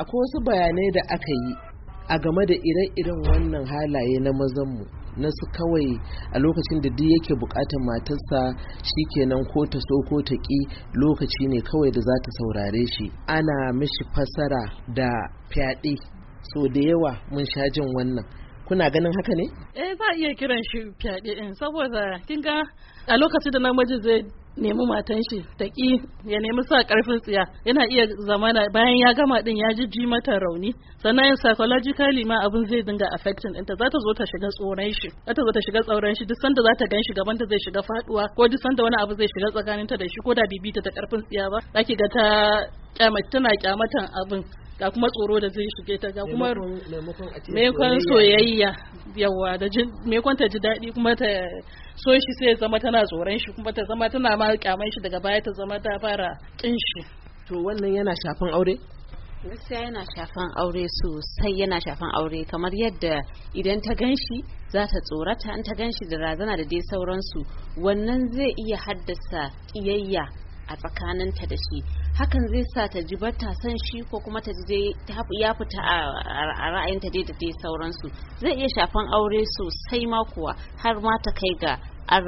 akwai wasu bayanai da aka yi a game da ire-iren wannan halaye na mazanmu na su kawai a lokacin da duk yake bukatar matarsa shi kenan ko ta so ko ta ki lokaci ne kawai da za ta saurare shi ana mishi fasara da fyaɗe so da yawa mun sha jin wannan kuna ganin haka ne? Eh za a iya kiran shi fyaɗe in saboda kinga a lokacin da namiji zai nemi matan shi ta ki ya nemi sa karfin tsiya yana iya zamana bayan ya gama din ya ji mata rauni sannan psychologically ma abin zai dinga affecting ɗinta za ta zo ta shiga tsoron shi za ta zo ta shiga tsoron shi duk sanda za ta gan shi gaban ta zai shiga faduwa ko duk sanda wani abu zai shiga tsakaninta da shi ko da bibita ta karfin tsiya ba zaki ga ta tana kyamatan abin ga kuma tsoro da zai shige ta ga kuma maimakon soyayya yawa da maimakon ta ji daɗi kuma ta so shi sai zama tana tsoron shi kuma ta zama tana ma kyaman shi daga baya ta zama ta fara kin shi to wannan yana shafan aure gaskiya yana shafan aure sosai yana shafan aure kamar yadda idan ta ganshi shi za ta tsorata in ta ganshi shi da razana da dai sauransu wannan zai iya haddasa kiyayya a tsakaninta da shi hakan zai sa ta ji bata san shi ko kuma ta ji ya fita a ra'ayinta dai da dai sauransu zai iya shafan aure sosai ma kuwa har ma ta kai ga an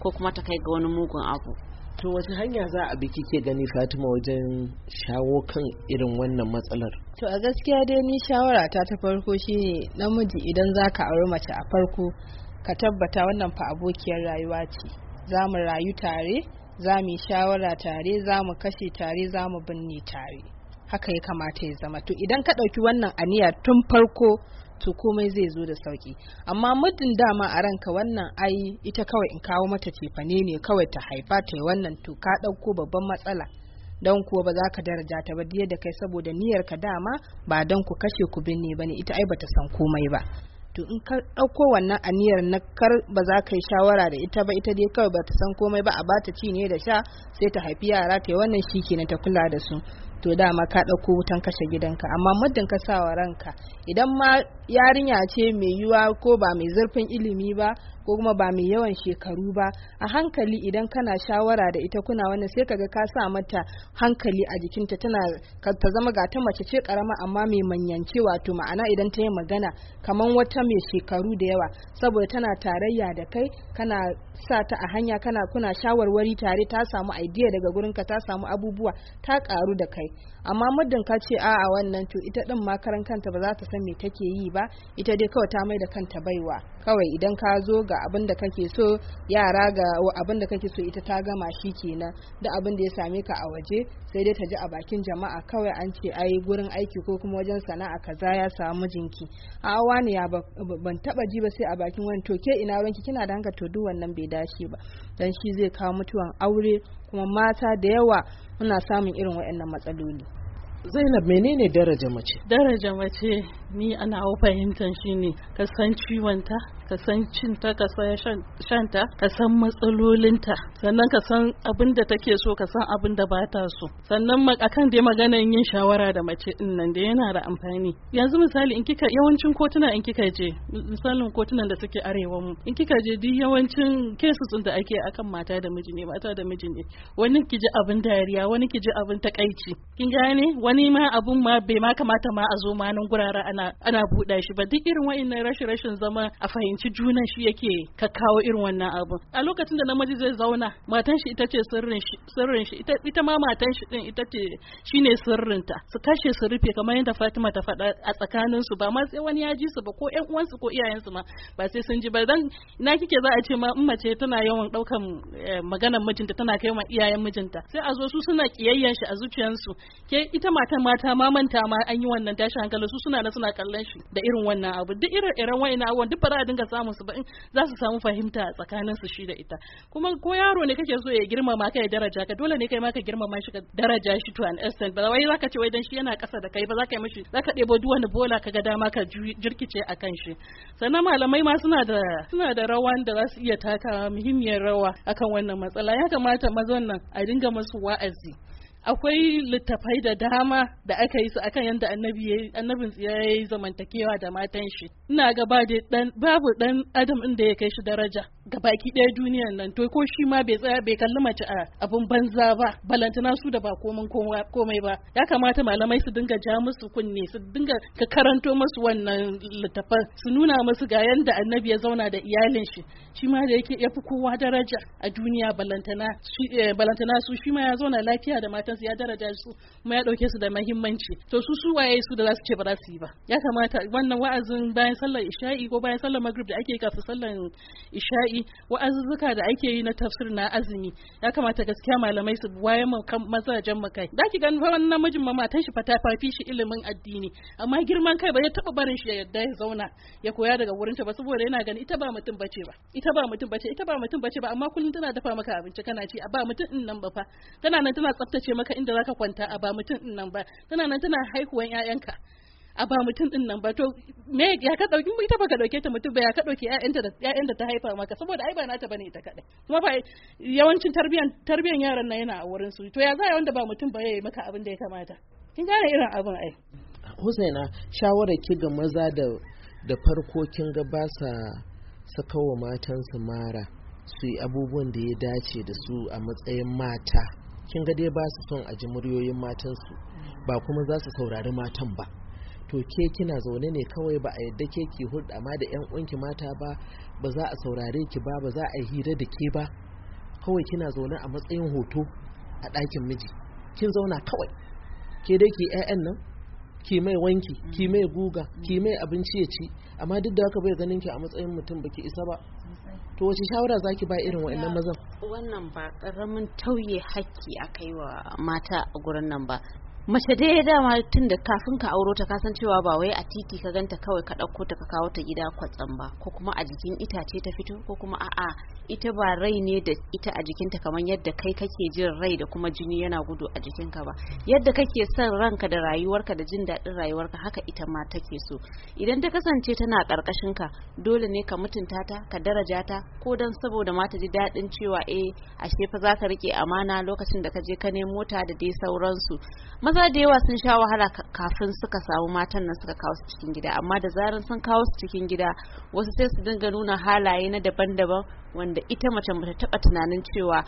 ko kuma ta kai ga wani mugun abu to wace hanya za a bi kike gani fatima wajen shawo kan irin wannan matsalar to a gaskiya dai ni shawara ta ta farko shine namiji idan za ka auri mace a farko ka tabbata wannan fa abokiyar rayuwa ce za mu rayu tare za mu yi shawara tare za mu kashe tare za mu binne tare haka ya kamata ya zama to idan ka ɗauki wannan aniya tun farko to komai zai zo da sauki amma muddin dama a ranka wannan ai ita kawai in kawo mata cefane ne kawai ta haifa ta yi wannan to ka ɗauko babban matsala don kuwa ba za ka daraja ta ba da kai saboda niyyar ka dama ba don ku kashe ku binne ba ne ita ai bata san komai ba to in ka ɗauko wannan aniyar na kar ba za ka yi shawara da ita ba ita dai kawai ba ta san komai ba a bata ci ne da sha sai ta haifi yara ta yi wannan shi na ta kula da su to dama ka ɗauko wutan kashe gidanka amma muddin ka sawa ranka idan ma yarinya ce mai yiwuwa ko ba mai zurfin ilimi ba ko kuma ba mai yawan shekaru ba a hankali idan kana shawara da ita kuna wannan sai kaga ka sa mata hankali a jikinta tana ta zama ga ta mace ce karama amma mai manyance wato ma'ana idan ta yi magana kamar wata mai shekaru da yawa saboda tana tarayya da kai kana sa ta a hanya kana kuna shawarwari tare ta samu idea daga gurinka ta samu abubuwa ta karu da kai kai amma muddin ka ce a'a wannan to ita din makaran kanta ba za ta san me take yi ba ita dai kawai ta mai da kanta baiwa kawai idan ka zo ga abin da kake so yara ga abin da kake so ita ta gama shi kenan da abin da ya same ka a waje sai dai ta ji a bakin jama'a kawai an ce ai gurin aiki ko kuma wajen sana'a kaza ya samu jinki a wani ya ban taba ji ba sai a bakin wani to ke ina ranki kina da hanka to duk wannan bai dace ba dan shi zai kawo mutuwan aure kuma mata da yawa muna samun irin waɗannan matsaloli Zainab menene daraja mace? Daraja mace ni ana fahimtar shine ciwon ta. ka san cinta ka san shanta ka san matsalolinta sannan ka san abin da take so ka san abin da ba ta so sannan akan dai maganan yin shawara da mace din nan da yana da amfani yanzu misali in kika yawancin kotuna in kika je misalin kotunan da suke arewa mu in kika je duk yawancin cases da ake akan mata da miji ne mata da miji ne wani ki ji abin dariya wani ki ji abin takaici kin gane wani ma abun ma bai ma kamata ma a zo ma nan gurara ana ana buɗa shi ba duk irin wa'annan rashin rashin zama a fahimta fahimci junan shi yake ka kawo irin wannan abu a lokacin da namiji zai zauna matan shi ita ce sirrin shi sirrin shi ita ma matan shi din ita ce shine sirrin ta su kashe su rufe kamar yadda Fatima ta faɗa a tsakanin su ba ma sai wani ya ji su ba ko ƴan uwansu ko iyayensu ma ba sai sun ji ba dan na kike za a ce ma in mace tana yawan daukan eh, maganar mijinta tana kai ma iyayen mijinta sai a zo su suna kiyayyen shi a zuciyarsu ke ita matan mata ma manta ma an yi wannan tashi hankali su suna na suna kallon shi da irin wannan abu duk irin irin wa'ina abubuwan duk ba za a dinga Ka samu su ba za su samu fahimta tsakanin su shi da ita kuma ko yaro ne kake so ya girmama ka ya daraja ka dole ne kai ma ka girmama shi ka daraja shi to an extent ba wai zaka ce wai dan shi yana kasa da kai ba zaka yi mishi zaka debo duk wani bola kaga dama ka jirkice akan shi sannan malamai ma suna da suna da rawan da za su iya taka muhimmiyar rawa akan wannan matsala ya kamata mazan nan a dinga musu wa'azi akwai littafai da dama da aka yi su akan yadda annabin ya yi zamantakewa da matan shi ina ga babu dan adam inda ya kai shi daraja ga baki ɗaya duniyar nan to ko shi ma bai tsaya bai kalli mace a abin banza ba balantana su da ba komai komai ba ya kamata malamai su dinga ja musu kunne su dinga ka karanto musu wannan littafan su nuna musu ga yanda annabi ya zauna da iyalin shi shi ma da yake yafi kowa daraja a duniya balantana eh, balantana su shi ma ya zauna lafiya da su ya daraja su kuma ya dauke su da mahimmanci to su su waye su da za su ce ba za su yi ba ya kamata wannan wa'azin bayan sallar isha'i ko bayan sallar maghrib da ake kafin sallar isha'i akwai wa'azuzzuka da ake yi na tafsir na azumi ya kamata gaskiya malamai su waye mazajen mu kai da ki gan wannan namijin ma matan shi fata fafi shi ilimin addini amma girman kai ba ya taba barin shi ya yadda ya zauna ya koya daga wurin ta ba saboda yana gani ita ba mutum bace ba ita ba mutum bace ita ba mutum bace ba amma kullun tana dafa maka abinci kana ci a ba mutum din nan ba fa tana nan tana tsaftace maka inda zaka kwanta a ba mutum din nan ba tana nan tana haihuwan 'ya'yanka a ba mutum din nan ba to me ya ka dauki ita baka dauke ta mutum ba ya ka dauki ƴaƴanta da ƴaƴan ta haifa maka saboda ai ba nata bane ita kadai kuma ba yawancin tarbiyan tarbiyan yaran nan yana a wurin su to ya za wanda ba mutum ba yayi maka abin da ya kamata kin gane irin abin ai Husaina shawara ki ga maza da da farko kin ga ba sa matan matansu mara su yi abubuwan da ya dace da su a matsayin mata kin ga dai ba su son a ji muryoyin matansu ba kuma za su saurari matan ba to ke kina zaune ne kawai ba a yadda ke ki hulɗa ma da 'yan uwanki mata ba ba za a saurare ki ba ba za a yi hira da ke ba kawai kina zaune a matsayin hoto a ɗakin miji kin zauna kawai ke dai ki 'ya'yan nan ki mai wanki ki mm. mai guga mm. ki mai abinci ya ci amma duk da haka bai ganin ki a matsayin mutum baki isa ba to wace shawara zaki ba irin wa'annan mazan wannan ba karamin tauye hakki aka yi wa mata a gurin nan ba mace dai dama tun da kafin ka auro ta kasan cewa ba wai a titi ka ganta kawai ka ɗauko ta ka kawo ta gida kwatsam ba ko kuma a jikin itace ta fito ko kuma a'a ita ba rai ne da ita a jikinta kamar yadda kai kake jin rai da kuma jini yana gudu a jikinka ba yadda kake son ranka da rayuwarka da jin daɗin rayuwarka haka ita ma take so idan ta kasance tana ƙarƙashin ka dole ne ka mutunta ta ka daraja ta ko dan saboda ma ta ji daɗin cewa eh ashe fa za ka riƙe amana lokacin da ka je ka nemo ta da dai sauransu maza da yawa sun sha wahala kafin suka samu matan nan suka kawo su cikin gida amma da zarar sun kawo su cikin gida wasu sai su dinga nuna halaye na daban-daban wanda ita mace bata taba tunanin cewa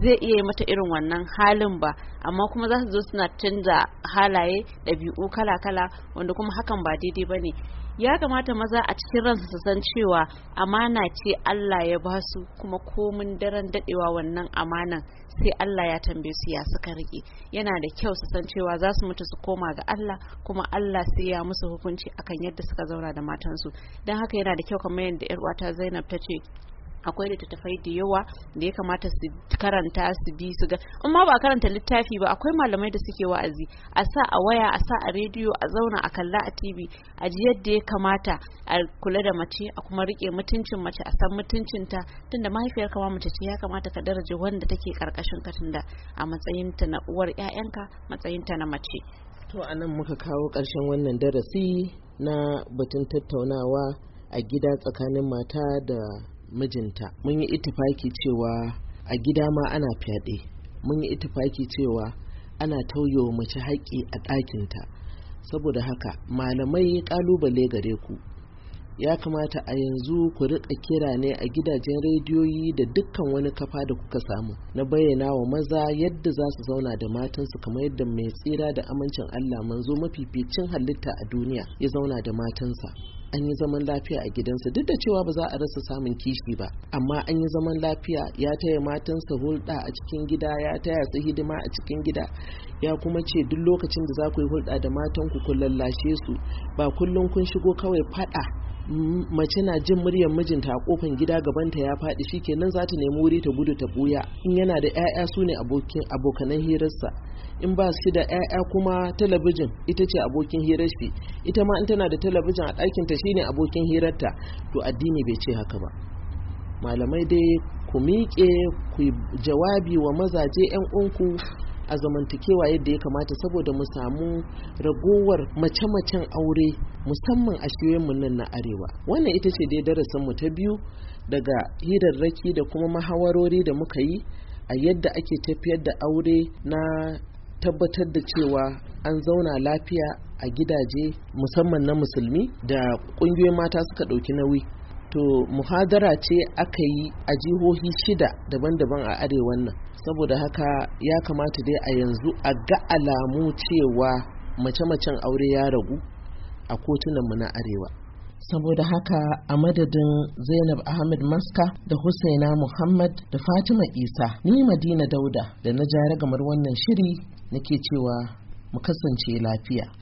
zai iya yi mata irin wannan halin ba amma kuma za su zo suna canza halaye ɗabi'u kala-kala wanda kuma hakan ba daidai ba ne ya kamata maza a cikin ransa su san cewa amana ce allah ya ba su kuma komin daren daɗewa wannan amanan sai Allah ya tambaye su ya suka rike yana da kyau su san cewa za su mutu su koma ga Allah kuma Allah sai ya musu hukunci akan yadda suka zauna da matansu don haka yana da kyau kamar yadda 'yar uwata Zainab ta ce akwai littattafai da yawa da ya kamata su karanta su bi su ga amma ba karanta littafi ba akwai malamai da suke wa'azi a sa a waya a sa a rediyo a zauna a kalla a tv a ji yadda ya kamata a kula da mace a kuma rike mutuncin mace a san mutuncinta tunda mahaifiyar kama mace ce ya kamata ka daraja wanda take karkashin ka tunda a matsayinta na uwar 'ya'yanka matsayinta na mace to anan muka kawo ƙarshen wannan darasi na batun tattaunawa a gida tsakanin mata da mijinta mun yi itifaki cewa a gida ma ana fyaɗe mun yi itifaki cewa ana tauyo mace haƙƙi a ɗakinta saboda haka malamai ƙalubale gare ku ya kamata a yanzu ku riƙa kira ne a gidajen rediyoyi da dukkan wani kafa da kuka samu na bayyana wa maza yadda za su zauna da matansu kamar yadda mai tsira da amincin Allah manzo mafificin halitta a duniya ya zauna da matansa an yi zaman lafiya a gidansa duk da cewa ba za a rasa samun kishi ba amma an yi zaman lafiya ya taya matansa hulɗa a cikin gida ya taya su hidima a cikin gida ya kuma ce duk lokacin da za ku yi hulɗa da matanku ku lallashe su ba kullum kun shigo kawai faɗa mace na jin muryar mijinta a kofin gida gabanta ya faɗi shikenan za ta nemi wuri ta gudu ta buya. in yana da 'ya'ya su ne abokanan hirarsa in ba shi da 'ya'ya kuma talabijin ita ce abokin hirar shi ita ma in tana da talabijin a ɗakinta ne abokin hirarta to addini bai ce haka ba malamai dai ku miƙe ku jawabi wa mazaje 'yan unku a zamantakewa yadda ya kamata saboda mu samu ragowar mace-macen aure musamman a shiyoyinmu nan na arewa wannan ita ce dai darasin mu ta biyu daga hirarraki da kuma mahawarori da muka yi a yadda ake tafiyar da aure na tabbatar da cewa an zauna lafiya a gidaje musamman na musulmi da ƙungiyoyin mata suka ɗauki nauyi to muhadara ce aka yi a jihohi shida daban-daban a arewan nan saboda haka ya kamata dai a yanzu a ga alamu cewa mace-macen aure ya ragu a kotunanmu na arewa saboda haka a madadin zainab ahmed maska da husaina muhammad da fatima isa ni madina dauda da na gamar wannan shiri nake cewa mu kasance lafiya